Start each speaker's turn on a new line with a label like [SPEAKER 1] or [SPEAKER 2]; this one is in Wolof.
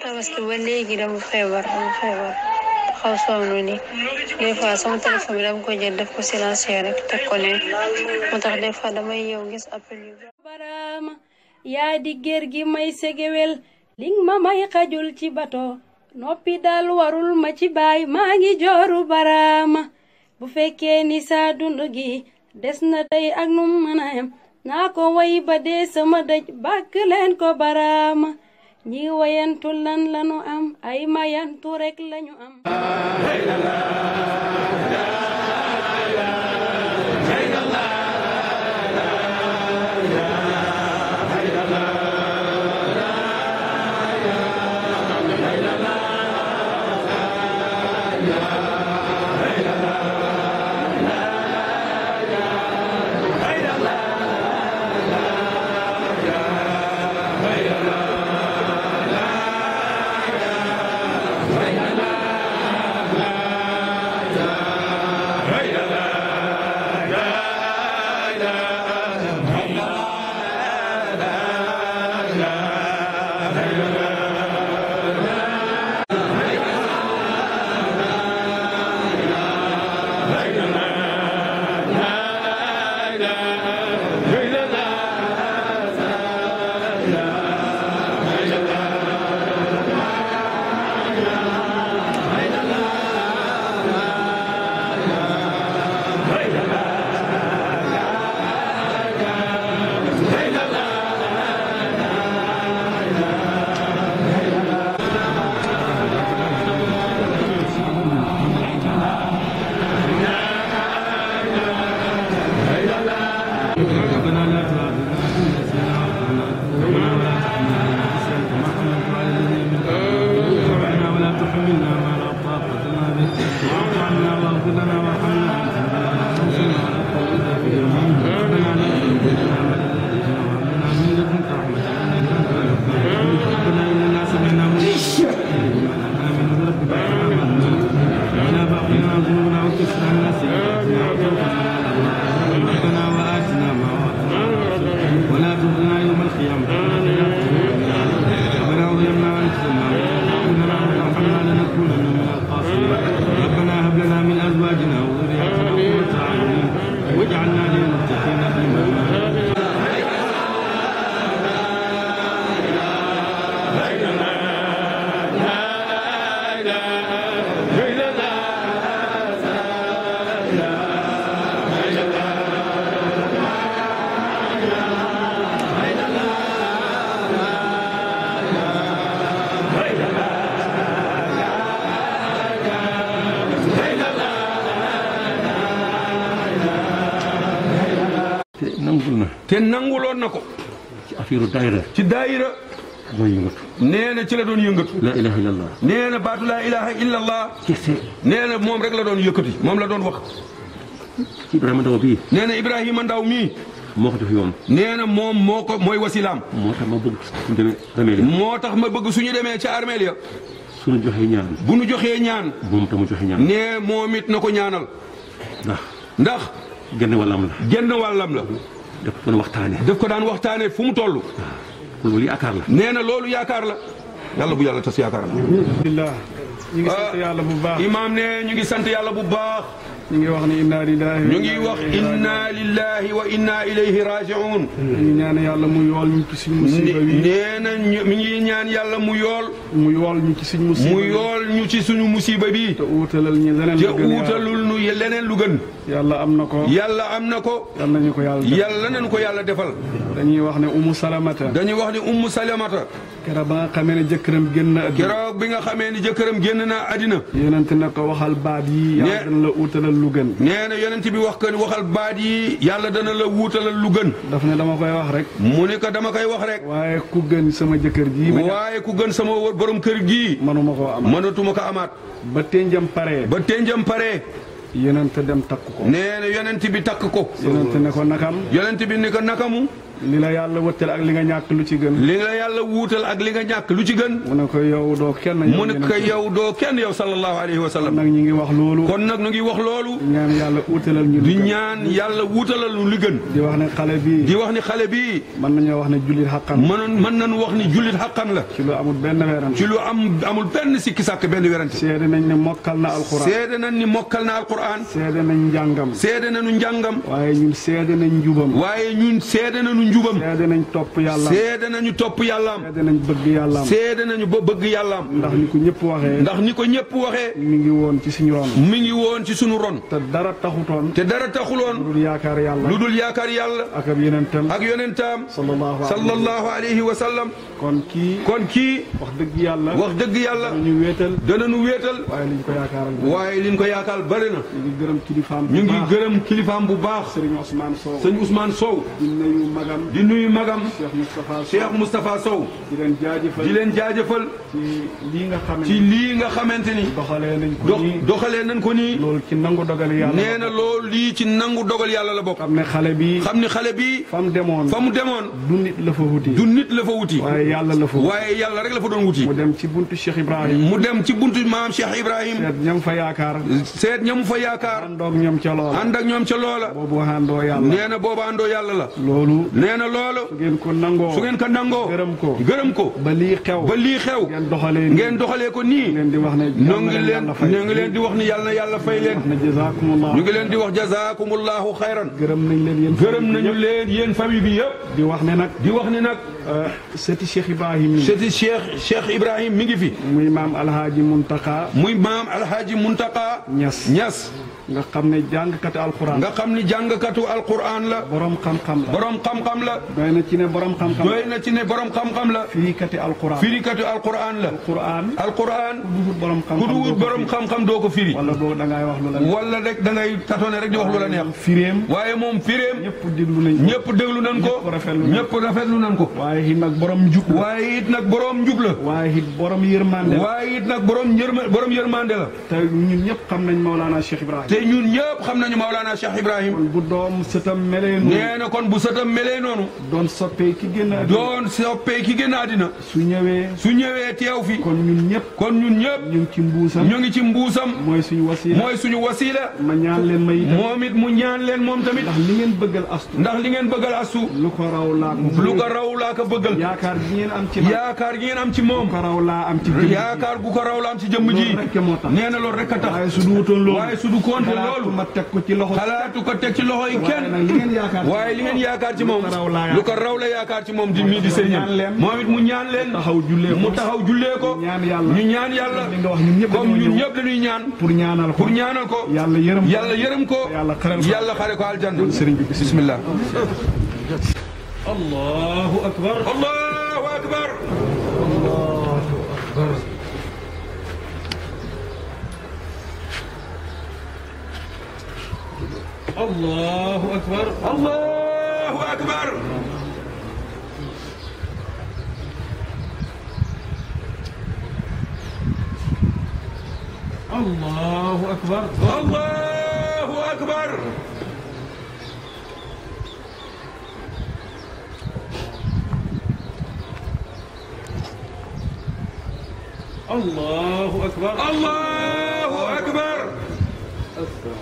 [SPEAKER 1] tabaski ba léegi dama feebar dama feebar xaw sonn tax des fois damay yow gis appel yu baraama yaa di gér gi may segewel ling ma may xajul ci bato noppi daal warul ma ci baay maa ngi jooru baraama bu fekkee ni saa dund des na tey ak nu mën a ko way ba dee sama dëj bàkk leen ko baraama ñi wayantu lan lañu am ay mayantu rek lañu am te nanguloon na ko. ci affaire daayira. ci daayira. doon yëngatu. nee na ci la doon yëngatu. laa ilaha illallah. nee baatu laa ilaha illallah. kese. nee na moom rek la doon yëkkati moom la doon wax. ci Ibrahima Ndaw bii. nee na Ibrahima Ndaw mii. moo ko jox yoon. nee na moom moo ko mooy wasilaam. moo tax ma bëgg suñu demee armeel demee ca armeel ya. suñu joxee ñaan. bu nu joxee ñaan. moom itam mu joxe ñaan. nee moom na ko ñaanal. ndax. ndax. genn wàllam la. genn wàllam la. daf ko daan waxtaanee. daf ko daan waxtaanee fu mu toll. waaw ah, loolu yaakaar nee na loolu yaakaar la. yàlla bu yàlla tas yaakaar ah, yàlla bu baax imaam ne ñu ngi sant yàlla bu baax. ñu ngi wax ni inna lillahi ñu ngi wax inna lillahi wa inna ilayhi raji'un. ñu ñaan yàlla mu yool ñu musiba ñaan yàlla mu yool. mu yool ñu bi lu leneen lu gën. yàlla am na ko. yàlla am na ko. yàlla nañu ko yàlla defal yàlla nañu ko yàlla defal. dañuy wax ne ummu salamata. dañuy wax ne ummu salamata. keroog ba nga xamee ne jëkkëram génn na. keroog bi nga xamee ne jëkkëram génn na àddina. yonent na ko waxal baat yi. yàlla dana la wuutalal lu gën. nee na bi wax ko waxal baat yi. yàlla dana la wuutalal lu gën. daf ne dama koy wax rek. mu ne dama koy wax rek. waaye ku gën sama jëkkër ji. waaye ku gën sama borom kër gii. mënuma ko amaat mënatuma ko amaat. ba tenjam pare. ba tenjam pare. yonent dem takk ko. nee na yonent bi takk ko. yonent ne ko nakam. yonent bi ni ko nakamu. li la yàlla wëttal ak li ñàkk lu ci gën. li la yàlla wuutal ak li nga ñàkk lu ci gën. mu ne ko yow doo kenn. yow mu ne ko yow doo kenn yow sallallahu alayhi wa sallam. kon nag ñu ngi wax loolu. kon nag ñu ngi wax loolu. ñaan ñu. di ñaan yàlla wuutalal ñu li gën. di wax ne xale bii. di wax ne xale bii. mën nañoo wax ne jullit xaqan. mënoon mën nañu wax ne jullit xaqan la. ci lu amul benn werante. ci lu am amul benn sikki sàkk benn werante. seede nañ ne mokkal na alquran. seede nañ ni mokkal na alquran. seede nañ njàngam. seede nañu njàngam. waaye ñun seede nañ njubam. waaye njubam. seede nañ topp yàllaam seede nañu topp yàllaam. seede nañ bëgg yàllaam. seede nañu ba bëgg yàllaam. ndax ni ko ñëpp waxee. ndax ni ko ñëpp waxee. mu ngi woon ci suñu ron. mi ngi woon ci suñu ron. te dara taxutoon. te dara taxuloon. lu dul yaakaar yàlla. lu dul yaakaar yàlla. ak ab yonentam. ak yonentam. sallallahu alayhi wa sallam. kon kii. kon kii. wax dëgg yàlla. wax dëgg yàlla. danañu wéetal. danañu wéetal. waaye liñ ko yaakaaral bëri na. waaye liñ ko yaakaar bëri na. ñu ngi gërëm kilifaam bu baax. ñu ngi gërëm kilifaam bu baax. sëñ Ousmane Sow. sëñ Ousmane Sow. di magam di nuyu magam. Cheikh Moustapha Sow Cheikh Moustapha Sow. di leen jaajëfal di leen jaajëfal. ci lii nga xam ci lii nga xamante ni. doxalee nañ ko nii doxalee nañ ko nii. loolu ci nangu dogal yàlla nee na loolu lii ci nangu dogal yàlla la bokk. xam ne xale bi xam ne xale bi. fa mu demoon fa mu demoon. du nit la fa wuti. du nit la fa wuti. waaye yàlla la fa wuti waaye yàlla rek la fa doon wuti. mu dem ci buntu Cheikh Ibrahima. mu dem ci buntu maam Cheikh Ibrahima. seet ñam fa yaakaar. seet ñam fa yaakaar. ànd ak ñoom ca loola ànd ak ñoom ca loola. boobu àndoo yàlla nee na boobu àndoo yàlla la. loolu nee na loolu. su ngeen ko nangoo su ngeen ko nangoo. gërëm ko gërëm ko. ba lii xew ba lii xew. ngeen doxalee ngeen doxalee ko nii. ngeen di wax ne ñoo ngi leen ñoo ngi leen di wax ni yàlla na yàlla fay leen. ñu ngi leen di wax jazaakumullahu xayran. gërëm nañ leen yéen gërëm nañu leen yéen famille bi yëpp. di wax ne nag di wax ne nag. Euh, sëti Cheikh Ibrahim. sëti Cheikh Cheikh Ibrahim mi ngi fi. muy maam Alhaji Muntaka. muy maam Alhaji Muntaka. Ñas Ñas. nga xam ne jàngkatu alquran. nga xam ne jàngkatu alquran la. borom xam-xam la borom xam-xam xam-xam la. doy na ci ne borom xam-xam la doy na ci ne la. firikati la. ku duwut borom xam-xam doo ko firi. wala boobu da ngay wax lu neex. wala da la neex. firéem waaye moom firéem. ñëpp déglu nañ ko ñëpp déglu nañ ko. ñëpp rafetlu nañ ko ñëpp rafetlu nañ ko. waaye it nag borom njub la. waaye it nag borom njub la. waaye it borom yërmande la. waaye it nag borom yërma borom yërmande la. te ñun ñëpp xam nañ Maulana Cheikh Ibrahim. te ñun ñëpp xam nañu Maulana Cheikh Ibrahim. bu doom sëtam melee noonu. nee noonu. doon soppee ki génn àddina doon soppee ki génn àddina. su ñëwee. su ñëwee teew fi. kon ñun ñëpp. kon ñun ñëpp. ñu ngi ci mbuusam ñu ngi ci mbuusam. mooy suñu wasiila mooy suñu wasiila. ma ñaan leen may itam moom it mu ñaan leen moom tamit. ndax li ngeen bëggal astu. ndax li ngeen bëggal astu. lu ko raw laa ko lu ko raw laa ko bëggal. yaakaar gi ngeen am ci. yaakaar gi am ci moom. gu ko raw laa am gu ko raw laa am ci jëmm ji. loolu rek moo tax nee na loolu rek a tax. waaye su du wutoon loolu waaye su du konte loolu. xalaatu ko ci loxo xalaatu ko teg ci loxo yi kenn waaye li ngeen yaakaar ci moom lu ko raw la yaakaar ci moom di mii di sëriñam moom it mu ñaan leen mu taxaw jullee ko ñu ñaan yàlla comme ñun ñëpp dañuy ñaan pour ñaanal ko yàlla yërëm ko yàlla xare ko aljanna bismillah allahu akbar allahu akbar allahu akbar akbar الله أكبر الله أكبر الله أكبر الله أكبر